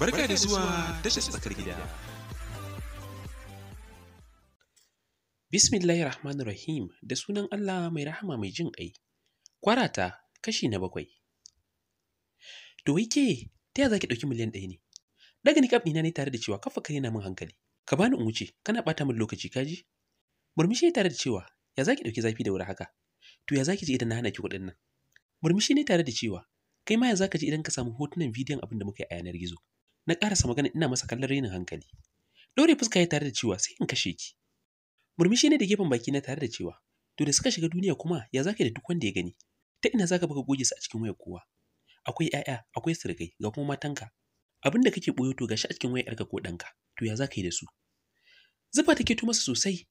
Barka da zuwa tashar tsakar gida. Bismillahir Rahmanir Rahim da sunan Allah mai rahama mai jin ƙai. Kwarata kashi na bakwai. To wai ta yaya ki ɗauki miliyan ɗaya ne? Daga ni ɗina ne tare da cewa kafa kare na min hankali. Ka bani in wuce kana ɓata min lokaci ka ji? Murmushi ne tare da cewa ya za ki ɗauki zafi da wuri haka? To ya za ki ji idan na hana ki kuɗin nan? Murmushi ne tare da cewa kai ma ya za ka ji idan ka samu hotunan bidiyon abin da muka yi a yanar gizo. na ƙarasa magana ina masa kallon rainin hankali ɗore fuska ya tare da cewa sai in kashe ki murmushi ne da gefen baki na tare da cewa to da suka shiga duniya kuma ya zaka da duk wanda ya gani ta ina zaka baka goge su a cikin wayar kowa akwai 'ya'ya, akwai sirgai ga kuma matanka abin da kake ɓoyo to gashi a cikin wayar yarka ko ɗanka to ya zaka yi da su zufa take tu masa sosai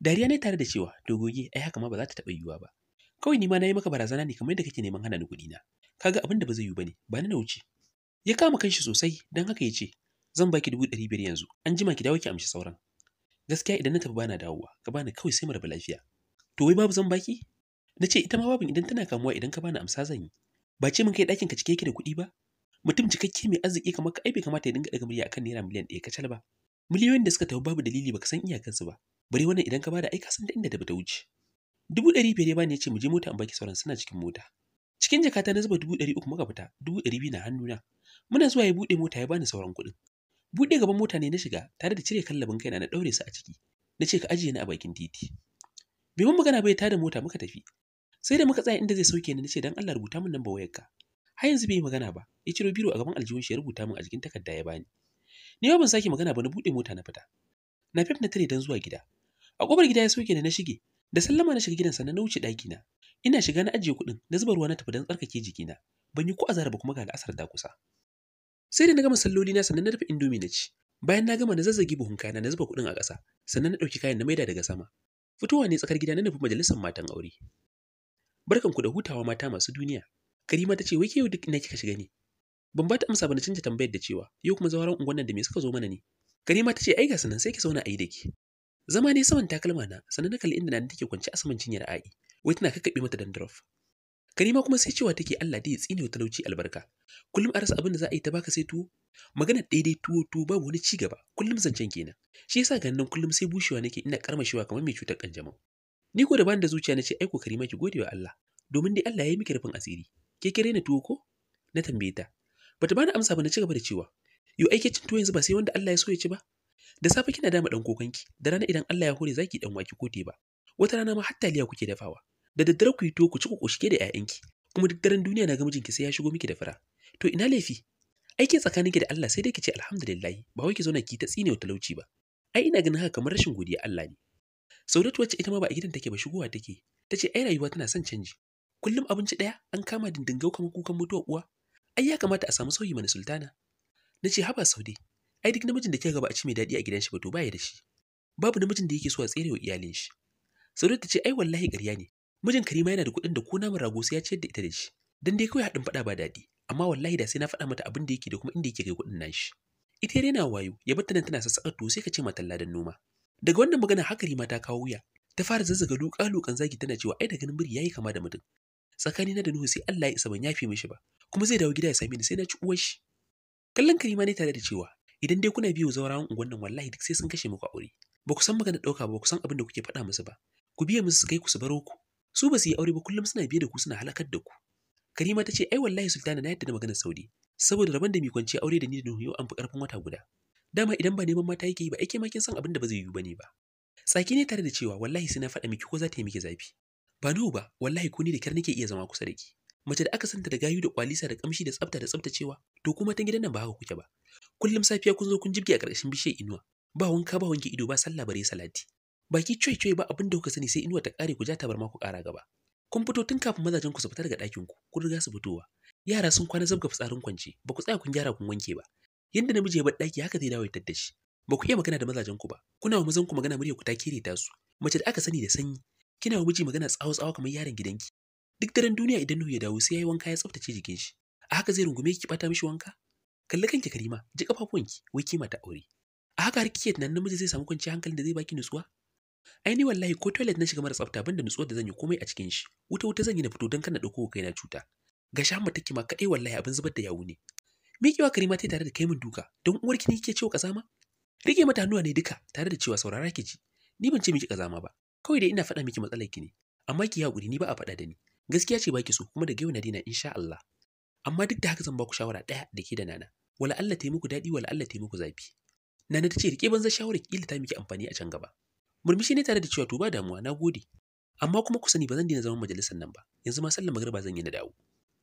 dariya ne tare da cewa goge ai haka ma ba za ta taɓa yiwuwa ba kawai ni ma na yi maka barazana ne kamar yadda kake neman hana ni kuɗina. na kaga abin da ba zai yiwu ne ba na wuce Ya kama kanshi sosai don haka ya ce, zan baki dubu ɗari biyar yanzu, an jima ki dawo ki amshi sauran. Gaskiya idan na tafi bana dawowa, ka bani kawai sai mu rabu lafiya. To wai babu zan baki? Na ce ita ma babin idan tana kamuwa idan ka bani amsa zan yi. Ba ce mun kai ɗakin ka cike yake da kuɗi ba? Mutum cikakke mai arziki kamar ka aibe kamata ya dinga daga murya akan naira miliyan ɗaya kacal ba. Miliyoyin da suka tafi babu dalili baka san iyakansu ba. Bari wannan idan ka bada ai ka san da inda da bata wuce. Dubu ɗari biyar ya bani ya ce mu je mota an baki sauran suna cikin mota. Cikin jakata na zuba dubu ɗari uku muka fita, dubu ɗari biyu na hannuna. Muna zuwa ya buɗe mota ya bani sauran kuɗin. Buɗe gaban mota ne na shiga tare da cire kallabin kaina na ɗaure su a ciki. Na ce ka ajiye ni a bakin titi. Bai mun magana bai tada mota muka tafi. Sai da muka tsaya inda zai sauke ni na ce dan Allah rubuta min lambar wayarka. Har yanzu bai yi magana ba. Ya ciro biro a gaban aljihun shi ya rubuta min a jikin takarda ya bani. Ni ba ban sake magana ba na buɗe mota na fita. Na fif na tare dan zuwa gida. A ƙofar gida ya sauke ni na shige. Da sallama na shiga gidan sannan na wuce ɗakina. Ina shiga na ajiye kuɗin na zuba ruwa na tafi dan tsarkake jikina. Ban yi ko azara ba kuma ga al'asar da kusa. sai da na gama salloli na sannan na dafa indomi na ci bayan na gama na zazzage buhun kayana na zuba kuɗin a ƙasa sannan na ɗauki kayan na maida daga sama fitowa ne tsakar gida na nufi majalisar matan aure barkan ku da hutawa mata masu duniya karima ta ce wai ke yau duk ina kika shiga ne ban ba ta amsa ba na canja tambayar da cewa yau kuma zawaran unguwan nan da me suka zo mana ne karima ta ce ai ga sanan sai ki zauna a yi da ki zama ne saman takalma na sannan na kalli inda na take kwance a saman cinyar a'i wai tana kakkaɓe mata dandruff Karima kuma sai cewa take Allah dai ya tsine wa talauci albarka. Kullum a rasa abin da za a yi ta baka sai tuwo. Magana daidai tuwo tuwo babu wani ci gaba, kullum zancen kenan. Shi yasa ga nan kullum sai bushewa nake ina karmashewa kamar mai cutar kanjamau. Ni ko da bani da zuciya nace aiko Karima ki gode wa Allah, domin dai Allah ya yi miki rufin asiri. Ke kire ni tuwo ko? Na tambaye ta. Bata bani amsa ba na ci gaba da cewa, Yau aike cin tuwo yanzu ba sai wanda Allah ya so ya ci ba. Da safe kina dama dan kokanki, da rana idan Allah ya hore zaki dan waki ko ba. Wata rana ma hatta taliya kuke dafawa. da daddare ku yi to ku ci ku koshi da 'ya'yanki kuma duk daren duniya na ga mijinki sai ya shigo miki da fira to ina laifi Ai aikin tsakaninki da Allah sai dai ki ce alhamdulillah ba wai ki na ki ta tsine talauci ba ai ina ganin haka kamar rashin godiya Allah ne Saudatu wacce ita ma ba a gidan take ba shigowa take ta ce ai rayuwa tana son canji kullum abinci ɗaya an kama dindingau kamar kukan mutuwar uwa ai ya kamata a samu sauyi mana sultana na ce haba saude ai duk namijin da kika ba a ci mai daɗi a gidan shi ba to baya da shi babu namijin da yake so a tsere wa iyalin shi saudatu ta ce ai wallahi ƙarya ne Mijin Karima yana da kuɗin da ko naman rago sai ya ciyar da ita da shi. Dan dai kawai haɗin faɗa ba daɗi, amma wallahi da sai na faɗa mata abin da yake da kuma inda yake kai kuɗin nashi. Ita yana wayo, ya bata nan tana sassaƙar to sai ka ce mata ladan noma. Daga wannan magana haka Rima ta kawo wuya, ta fara zazzaga luka luƙan zagi tana cewa ai da ganin biri yayi kama da mutum. Tsakani na da Nuhu sai Allah ya isa ban yafe mishi ba, kuma zai dawo gida ya same ni sai na ci uwar shi. Kallon Karima ne tare da cewa idan dai kuna biyu zaurawan unguwan nan wallahi duk sai sun kashe muku aure. Ba ku san magana dauka ku san abin da kuke faɗa musu ba. Ku biya musu su kai ku su baro ku. su ba su yi aure ba kullum suna biye da ku suna halakar da ku karima ta ce ai wallahi sultana na yadda da maganar saudi saboda rabon da mi kwance aure da ni da nuhu an fi karfin wata guda dama idan ba neman mata yake yi ba ake makin san abin da ba zai yiwu ne ba tsaki ne tare da cewa wallahi sai na faɗa miki ko za ta yi miki zafi ba nuhu ba wallahi ko ni da kyar nake iya zama kusa da ki mace da aka santa da gayu da kwalisa da kamshi da tsafta da tsaftacewa to kuma ta gidan nan ba haka kuke ba kullum safiya kun zo kun jibge a ƙarƙashin bishiyar inuwa ba wanka ba wanke ido ba sallah bare salati baki cuy cuy ba abin da kuka sani sai inuwa ta kare ku ja tabarma ku kara gaba kun fito tun kafin mazajen ku su fita daga dakin ku kun riga su fitowa yara sun kwana zabga fitsarin kwance ba ku tsaya kun gyara kun wanke ba yanda namiji ya bar daki haka zai dawo ya tadda shi ba ku iya magana da mazajen ku ba kuna wa mazan ku magana muryar ku ta kere ta su mace da aka sani da sanyi kina wa miji magana tsawo tsawo kamar yaron gidanki duk daren duniya idan Nuhu ya dawo sai yayi wanka ya tsaftace jikin shi a haka zai rungume ki bata mishi wanka kalli kanki karima ji kafafuwanki wai ki mata aure a haka har kike tunanin namiji zai samu kwanciyar hankalin da zai baki nutsuwa ai wallahi ko toilet na shiga mara tsafta banda nutsuwar da zan yi komai a cikin shi wuta wuta zan yi na fito don kana dauko kaina cuta ga shamu take ma kadai wallahi abin zubar da yawu ne miƙewa karima tai tare da kai min duka don uwar ki kike cewa kazama rike mata hannuwa ne duka tare da cewa saurara ki ji ni ban ce miki kazama ba kawai dai ina faɗa miki matsalar ki ne amma ki guri ni ba a faɗa da ni gaskiya ce baki so kuma da gaiwa na dina insha Allah amma duk da haka zan ba ku shawara daya da ke da nana wala Allah ta yi muku daɗi wala Allah ta yi muku zafi nana ta ce rike banzan ki kila ta miki amfani a can gaba murmushi ne tare da cewa to ba damuwa na gode amma kuma ku sani ba zan daina zaman majalisar nan ba yanzu ma sallar magriba zan yi na dawo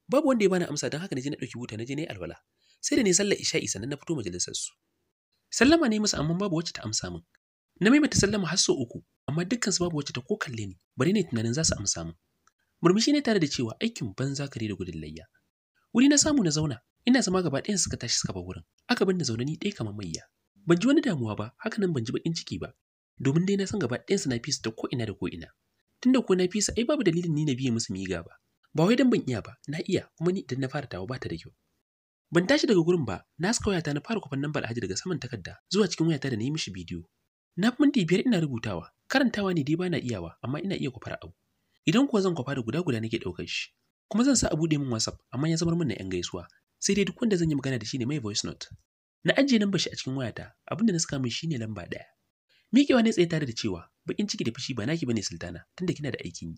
babu wanda ya bani amsa don haka na je na ɗauki buta na je na alwala sai da ne sallar isha'i sannan na fito majalisar su sallama ne musu amma babu wacce ta amsa min na mai maimaita sallama har sau uku amma dukkan su babu wacce ta ko kalle ni bari ne tunanin za su amsa min murmushi ne tare da cewa aikin banza kare da gudun layya wuri na samu na zauna ina zama gaba ɗayan suka tashi suka bar wurin aka bar ni zaune ni ɗaya kamar mayya ban ji wani damuwa ba haka nan ban ji baƙin ciki ba domin dai na san gaba ɗayansu na fisa ta ko'ina da ko'ina. Tunda ko na fisa ai babu dalilin ni na biye musu miga ba. Ba wai dan ban iya ba, na iya kuma ni idan na fara tawa ba ta da kyau. Ban tashi daga gurin ba, na saka wayata na fara kwafan lambar Alhaji daga saman takarda zuwa cikin wayata da na yi mishi bidiyo. Na fi minti biyar ina rubutawa, karantawa ne dai na iyawa, amma ina iya kwafar abu. Idan kuwa zan kwafa da guda guda nake ɗaukar shi. Kuma zan sa a buɗe min WhatsApp, amma ya zamar min na 'yan gaisuwa. Sai dai duk wanda zan yi magana da shi ne mai voice note. Na ajiye nambar shi a cikin wayata, abinda na saka min shine lamba ɗaya. Mikewa ne tsaye tare da cewa bakin ciki da fushi ba naki bane sultana tunda kina da aikin yi.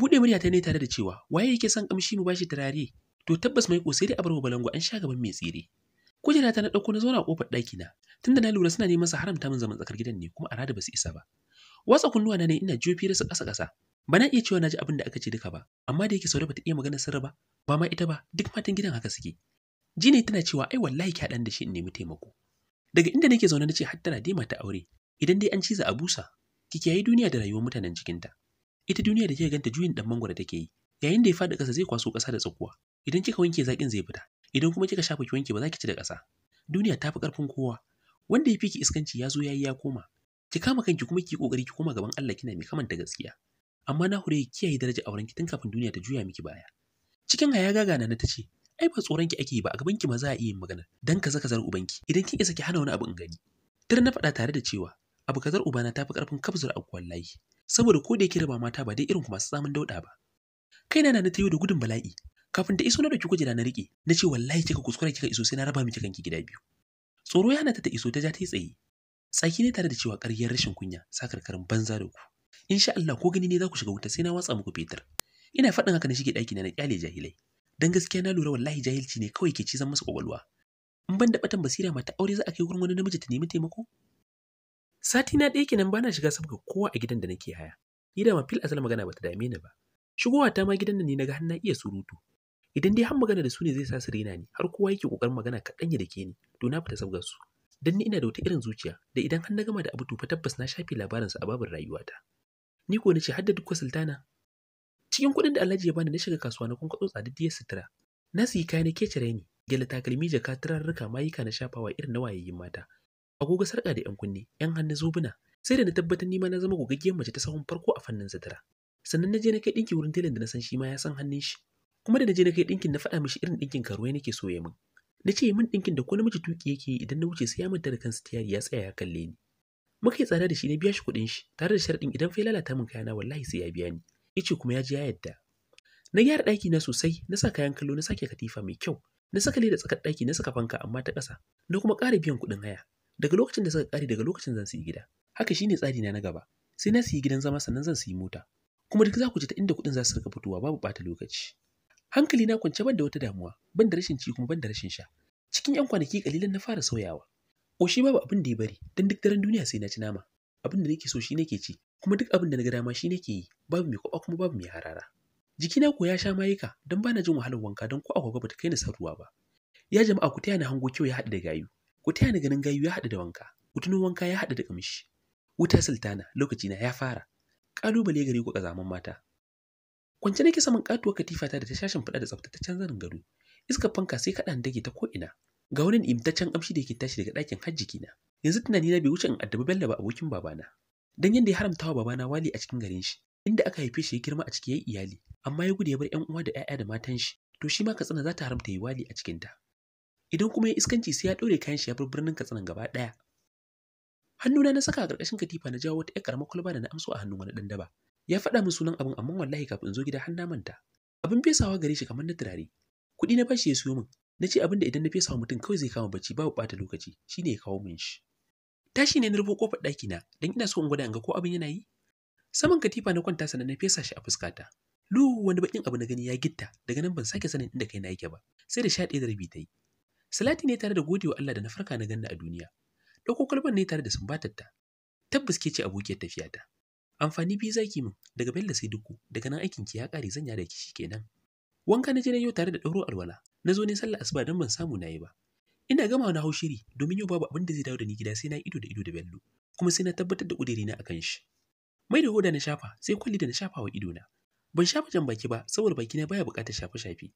Bude murya ta ne tare da cewa waye yake son kamshi mu bashi turare to tabbas mai kosai da abarwa balango an sha gaban mai tsire. Kujera ta na ɗauko na zauna a daki na tunda na lura suna neman su haramta min zaman tsakar gidan ne kuma a rada isa ba. Watsa kunnuwa na ne ina jiyo da su kasa-kasa. ba na iya cewa na ji abin da aka ce duka ba amma da yake saura bata iya magana sirri ba ba ma ita ba duk matan gidan haka suke jini tana cewa ai wallahi ki haɗan da shi in nemi taimako daga inda nake zaune nace har tana dai mata aure idan dai an ciza a busa ki duniya da rayuwar mutanen cikinta ita duniya da kika ganta juyin dan mangwaro take yi yayin da ya faɗi ƙasa zai kwaso ƙasa da tsakuwa idan kika wanke zaƙin zai fita idan kuma kika shafa ki wanke ba za ki ci da ƙasa duniya ta fi ƙarfin kowa wanda ya fi ki iskanci ya zo ya yi ya koma ki kama kanki kuma ki kokari ki koma gaban Allah kina mai kamanta gaskiya amma na hure kiyaye daraja auren ki tun kafin duniya ta juya miki baya cikin haya gagana na ce. ai ba tsoron ki ake yi ba a gaban ki ma za a iya yin magana dan kaza kazar ubanki idan kin isa ki hana wani abu in gani tir na faɗa tare da cewa abu kazar ubana ta fi karfin kabzar aku wallahi saboda ko da yake raba mata ba dai irin kuma su tsamin dauɗa ba kaina na na tayo da gudun bala'i kafin ta iso na dauki kujera na rike na ce wallahi kika kuskure kika iso sai na raba miki kanki gida biyu tsoro ya na ta iso ta ja ta yi tsaye tsaki ne tare da cewa ƙaryar rashin kunya sakarkarin banza da ku insha Allah ko gani ne za ku shiga wuta sai na watsa muku fetur ina faɗin haka na shige ɗaki na na kyale jahilai dan gaskiya na lura wallahi jahilci ne kawai ke cizon masa kwakwalwa in ban da batan basira mata aure za a kai wurin wani namiji ta nemi taimako Sati na ɗaya kenan bana shiga sabga kowa a gidan da nake haya. Ni da mafil asal magana bata dame ni ba. Shigowa ta ma gidan da ne naga har na iya surutu. Idan dai har magana da su ne zai sa su rena ni har kowa yake kokarin magana kaɗan ya dake ni to na fita sabgar su. Dan ni ina da wata irin zuciya da idan har na gama da abu to fa tabbas na shafe labarinsa a babin rayuwata. Ni ko nace har da duk sultana. Cikin kuɗin da Alhaji ya bani na shiga kasuwa na kunkwatso tsadaddiyar sutura. Na siyi kaya na cire ni, gyala takalmi jaka turarruka mayuka na shafawa irin na wayayyin mata. agogo sarƙa da 'yan kunne, 'yan hannu zobuna, sai da na tabbatar ma na zama gogaggiyar mace ta sahun farko a fannin sutura. Sannan na je na kai ɗinki wurin telan da na san shi ma ya san hannun shi. Kuma da na je na kai ɗinkin na faɗa mishi irin ɗinkin karuwa nake so ya min. Na ce min ɗinkin da ko namiji tuki yake yi idan na wuce sai ya manta da kansa tiyari ya tsaya ya kalle ni. Muka yi tsada da shi na biya shi kuɗin shi tare da sharɗin idan fa ya lalata min kayana wallahi sai ya biya ni. Ya ce kuma ya ji ya yadda. Na gyara ɗaki na sosai, na sa kayan kallo na sake katifa mai kyau. Na saka leda tsakar ɗaki na saka fanka amma ta ƙasa. Na kuma ƙara biyan kuɗin haya. daga lokacin da suka kare daga lokacin zan siyi gida haka shine tsari na na gaba sai na siyi gidan zama sannan zan siyi mota kuma duk za ku ji ta inda kuɗin za su rika fitowa babu ɓata lokaci hankali na kwance ban da wata damuwa ban da rashin ci kuma ban da rashin sha cikin yan kwanaki kalilan na fara sauyawa ƙoshi babu abin da ya bari dan duk daren duniya sai na ci nama abin da nake so shi nake ci kuma duk abin da na ga dama shi nake yi babu mai kwaba kuma babu mai harara jikina ko ya sha mayuka don bana jin wahalar wanka dan ko akwai bata kai ni saruwa ba ya jama'a ku taya ni hango kyau ya haɗu da gayu ku taya ni ganin gayu ya haɗu da wanka wutunin wanka ya haɗu da kamshi wuta sultana lokaci na ya fara ƙalubale gare ku ƙazaman mata kwance nake saman katuwar katifata da ta shashin fada da tsaftataccen zanin gado iskar fanka sai kaɗan dage ta ko'ina ga wani imtaccen ƙamshi da yake tashi daga ɗakin hajjiki na yanzu tunani na bai wuce in addabi bello ba abokin babana dan yadda ya haramta wa babana wali a cikin garin shi inda aka haife shi ya girma a ciki yayi iyali amma ya gudu ya bar ƴan uwa da 'ya'ya da matan shi to shi ma katsina za ta haramta yi wali a cikinta idan kuma ya iskanci sai ya ɗaure kayan shi ya bar birnin katsinan gaba ɗaya hannuna na saka a ƙarƙashin katifa na jawo wata 'yar ƙaramar kwalba da na amso a hannun wani ɗan daba ya faɗa min sunan abin amma wallahi kafin in zo gida har na manta abin fesawa gare shi kamar na turare kuɗi na bashi ya siyo min na ce abin da idan na fesawa mutum kawai zai kama bacci babu ɓata lokaci Shi ne ya kawo min shi tashi ne na rufo ƙofar ɗaki na dan ina so in gwada in ga ko abin yana yi saman katifa na kwanta sannan na fesa shi a fuskata lu wani baƙin abu na gani ya gitta daga nan ban sake sanin inda kaina yake ba sai da sha ɗaya da rabi ta yi Salati ne tare da gode wa Allah da na farka na ganna a duniya. Ɗauko kalban ne tare da sumbatarta. Tabbas ke ce abokiyar tafiyata. Amfani biyu zaki min daga Bello sai duku daga nan aikin ki ya kare zan da ki kenan. Wanka na jira yau tare da ɗauro alwala. Na zo ne sallar asuba don ban samu na ba. Ina gama na haushiri domin yau babu abin da zai dawo da ni gida sai na ido da ido da Bello. Kuma sai na tabbatar da na akan shi. Mai da hoda na shafa sai kulli da na shafa wa na Ban shafa jan baki ba saboda baki na baya buƙatar shafe-shafe.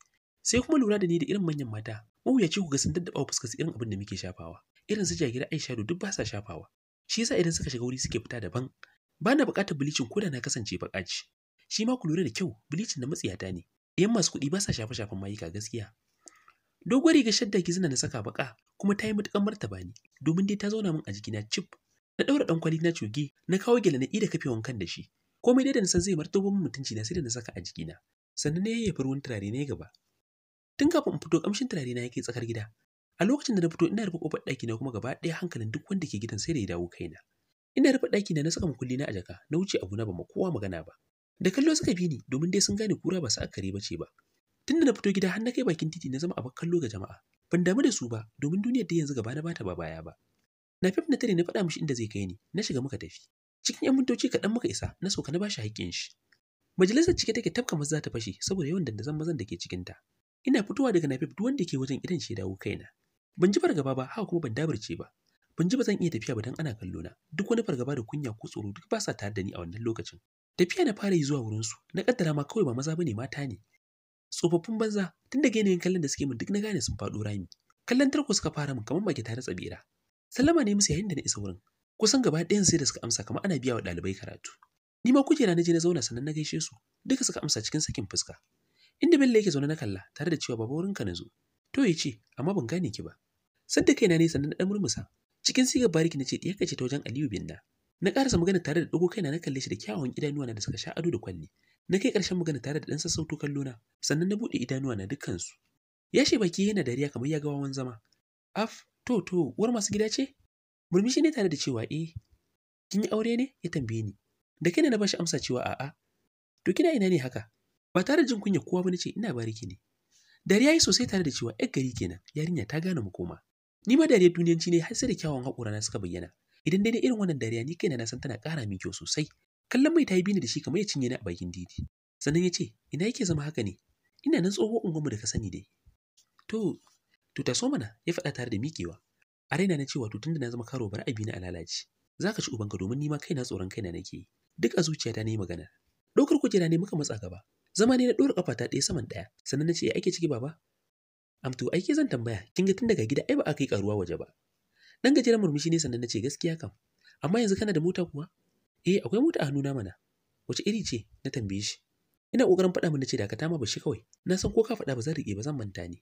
sai kuma lura da ni da irin manyan mata mawuyaci ku ga sun daddaba fuskar su irin abin da muke shafawa irin su jagira aisha da duk ba sa shafawa shi yasa idan suka shiga wuri suke fita daban ba na buƙatar bilicin ko da na kasance baƙaci shi ma ku lura da kyau bilicin na matsiyata ne yan masu kuɗi ba sa shafe-shafen mayuka gaskiya doguwar rigar shadda zina na saka baka kuma ta yi matuƙar martaba ne. domin dai ta zauna min a jikina cip na ɗaura ɗan kwali na cuge na kawo gele na ida kafe wankan da shi komai dai da na san zai martaba min mutunci na sai da na saka a jikina sannan na yayyafa ruwan turare ne gaba tun kafin in fito kamshin turare na yake tsakar gida a lokacin da na fito ina rufe kofar ɗaki na kuma gaba ɗaya hankalin duk wanda ke gidan sai da ya dawo kaina ina rufe ɗaki na na saka makulli na a jaka na wuce abu na ba ma kowa magana ba da kallo suka bi ni domin dai sun gane kura ba su akare ba ce ba tun da na fito gida har na kai bakin titi na zama abin kallo ga jama'a ban damu da su ba domin duniyar da yanzu gaba na bata ba baya ba na fif na tare na faɗa mishi inda zai kai ni na shiga muka tafi cikin yan mintoci kaɗan muka isa na sauka na bashi haƙƙin shi majalisar cike take tafka maza ta fashe saboda yawan dandazon mazan da ke cikinta ina fitowa daga nafif duk wanda ke wajen idan shi dawo kaina ban ji fargaba ba haka kuma ban dabarce ba ban ji ba zan iya tafiya ba dan ana kallo na duk wani fargaba da kunya ko tsoro duk ba sa tare da ni a wannan lokacin tafiya na fara yi zuwa wurin su na kaddara ma kawai ba maza bane mata ne tsofaffin banza tun daga yanayin kallon da suke min duk na gane sun faɗo rami kallon tarko suka fara min kamar mage tare tsabira sallama ne musu yayin da na isa wurin kusan gaba ɗayan sai da suka amsa kamar ana biya wa ɗalibai karatu ni ma kujera na je na zauna sannan na gaishe su duka suka amsa cikin sakin fuska Inda Bello yake zaune na kalla tare da cewa baba wurinka na zo. To ya ce, amma ban gane ki ba. Sadda kaina ne sannan na ɗan murmusa. Cikin sigar bariki na ce ɗiyarka ce ta wajen Aliyu Binna. Na ƙarasa magana tare da ɗago kaina na kalle shi da kyawawan idanuwana da suka sha ado da kwalli. Na kai ƙarshen magana tare da ɗan sassauto na, sannan na buɗe idanuwa na dukkansu. Ya shi baki yana dariya kamar ya ga wawan zama. Af, to to, uwar masu gida ce? Murmushi ne tare da cewa eh. Kin yi aure ne? Ya tambaye ni. Da kaina na bashi amsa cewa a'a. To kina ina ne haka? ba tare da jin kunya kowa ba ce ina bariki ne dariya yi sosai tare da cewa yar gari kenan yarinya ta gane mu koma ni ma dariyar duniyanci ne har sai da kyawun haƙura na suka bayyana idan dai irin wannan dariya ni kaina na san tana ƙara min kyau sosai kallon mai ta yi bini da shi kamar ya cinye ni a bakin didi. sannan ya ce ina yake zama haka ne ina nan tsoho unguwanmu da ka sani dai to to so mana ya faɗa tare da miƙewa a raina na cewa to tunda na zama karo bar abi na alalaci za ka ci ubanka domin ni ma kaina tsoron kaina nake duk a zuciyata na yi magana ɗaukar kujera ne muka matsa gaba zama ne na ɗora ƙafa ta ɗaya saman ɗaya sannan na ce ake ciki baba amtu aiki zan tambaya kin ga tun daga gida ai ba a kai karuwa waje ba dan gajeren murmushi ne sannan na ce gaskiya kam amma yanzu kana da mota kuwa eh akwai mota a hannuna mana wace iri ce na tambaye shi ina kokarin faɗa min ce dakata ma shi kawai na san ko ka faɗa ba zan rike ba zan manta ne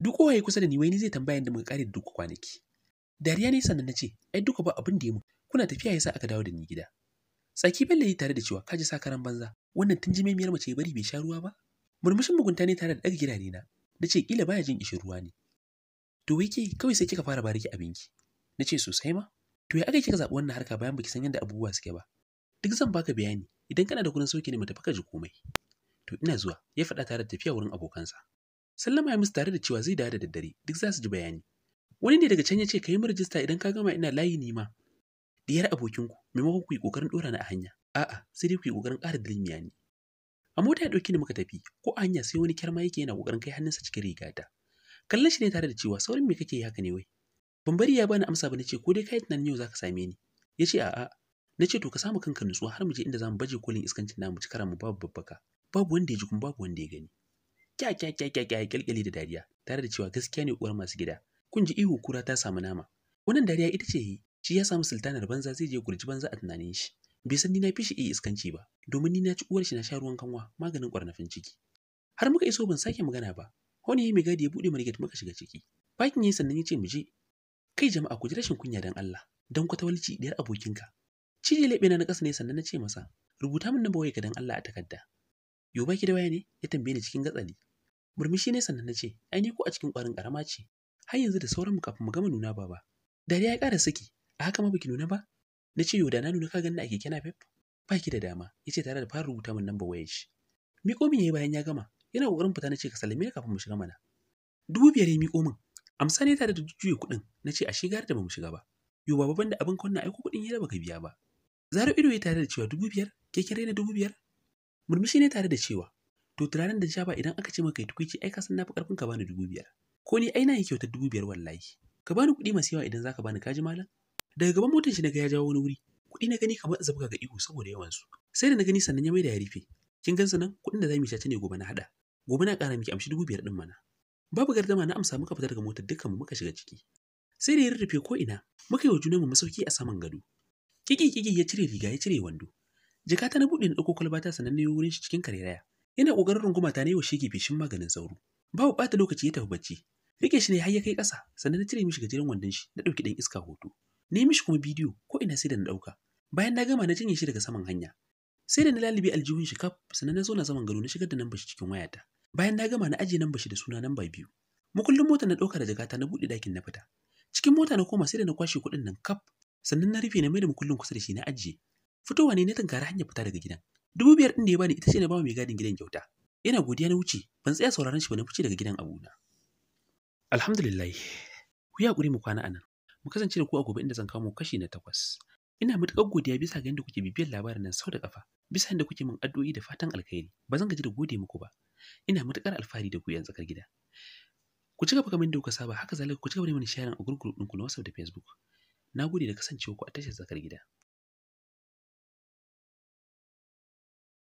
duk kowa ya kusa da ni wai ni zai tambaya da muka kare duk kwanaki dariya ne sannan na ce ai duka ba abin da ya mu kuna tafiya yasa aka dawo da ni gida Tsaki Bello yi tare da cewa kaji sakaran banza, wannan tun jimemiyar mace bari bai sha ruwa ba. Murmushin mugunta ne tare da daga gidane na, na ce kila baya jin ishin ruwa ne. To wai ke kawai sai kika fara bariki abinki. Na ce sosai ma. To ya aka kika zaɓi wannan harka bayan baki san yadda abubuwa suke ba. Duk zan baka bayani idan kana da kuɗin sauki ne mu tafi ka ji komai. To ina zuwa ya faɗa tare da tafiya wurin abokansa. Sallama ya musu tare da cewa zai dawo da daddare duk za su ji bayani. Wani ne daga can ya ce ka yi rajista idan ka gama ina layi ni ma diyar abokinku maimakon ku yi ƙoƙarin dora ni a hanya a'a sai dai ku yi ƙoƙarin ƙara miya ni a mota ya ɗauki ni muka tafi ko a hanya sai wani kyarma yake yana ƙoƙarin kai hannunsa cikin rigata kallon shi ne tare da cewa saurin me kake yi haka ne wai ban bari ya bani amsa ba nace ko dai kai tunanin yau zaka same ni yace ce a'a nace ce to ka samu kanka nutsuwa har mu je inda zamu baje kolin iskancin namu ci mu babu babbaka babu wanda ya ji kuma babu wanda ya gani kya kya kya kya kya kyalkyali da dariya tare da cewa gaskiya ne uwar masu gida kun ji ihu kura ta samu nama wannan dariya ita ce shi ya samu sultanar banza zai je gurji banza a tunanin shi bai san ni na fi shi iya iskanci ba domin ni na ci uwar shi na sha ruwan kanwa maganin kwarnafin ciki har muka iso ban sake magana ba wani mai gadi ya buɗe marigat muka shiga ciki bakin yi sannan ya ce mu je kai jama'a ku ji rashin kunya dan Allah dan kwata walci diyar abokinka cije lebe na na ƙasa ne sannan na ce masa rubuta min nambar wayarka dan Allah a takarda yo baki da waya ne ya tambaye ni cikin gatsali murmushi ne sannan na ce ai ni ko a cikin ƙwarin ƙarama ce har yanzu da sauran mu kafin mu gama nuna baba dare ya ƙara saki a haka ma baki nuna ba na ce yau da na nuna ka ganna a keke pep ba ki da dama ya ce tare da fara rubuta min namba wayar shi miƙo min yayi bayan ya gama yana ƙoƙarin fita na ce ka sallame ni kafin mu shiga mana dubu biyar ya miƙo min amsa ne tare da juya kuɗin na ce a shigar da ba mu shiga ba yo ba banda da abin ka aiko kuɗin ya baka biya ba zaro ido ya tare da cewa dubu biyar ke kire na dubu biyar murmushi ne tare da cewa to turaren da ja ba idan aka ce maka ce ai ka san na fi karfin ka bani dubu biyar ko ni ai na yi kyautar dubu biyar wallahi ka bani kuɗi masu yawa idan zaka bani kaji malam daga gaban motar shi naga ya jawo wani wuri kuɗi na gani kamar zabga ga ihu saboda yawan su sai da na gani sannan ya maida ya rufe kin gan sanan, kuɗin da zamu mu ci ne gobe na hada gobe na ƙara miki amshi dubu biyar din mana babu gardama na amsa muka fita daga motar dukkan mu muka shiga ciki sai da ya rurrufe ko ina muka yi wa junanmu masauki a saman gado kiki kiki ya cire riga ya cire wando jaka ta na buɗe na ɗauko kwalba sannan na yi wurin shi cikin kareraya yana ƙoƙarin runguma ta ne wa shege feshin maganin sauro babu ɓata lokaci ya tafi bacci rike shi ne har ya kai ƙasa sannan na cire mishi gajeren wandon shi na ɗauki ɗan iska hoto Ni mishi kuma bidiyo ko ina sai da na dauka bayan na gama na jinye shi daga saman hanya sai da na lalibi aljihun shi kaf sannan na zo na zaman gado na shigar da namba shi cikin wayata bayan na gama na ajiye namba shi da suna namba biyu Mukullin mota na ɗauka da jakata na buɗe ɗakin na fita cikin mota na koma sai da na kwashe kuɗin nan kaf sannan na rufe na mai da kullum kusa da shi na ajiye fitowa ne na tunkari hanyar fita daga gidan dubu biyar ɗin da ya bani ita ce na bawa mai gadin gidan kyauta ina godiya na wuce ban tsaya sauraron shi ba na fice daga gidan abuna alhamdulillah ku ya hakuri mu kwana anan mu kasance da ku a gobe inda zan kamo kashi na takwas ina matuƙar godiya bisa ga yadda kuke bibiyar labarin nan sau da ƙafa, bisa yadda kuke min addu'o'i da fatan alkhairi ba zan gaji da gode muku ba ina matuƙar alfahari da ku tsakar gida ku ci gaba kamar da kuka saba haka zalika ku ci gaba da mini sharing a gurgurun ɗinku na WhatsApp da Facebook na gode da kasancewa ku a tashar tsakar gida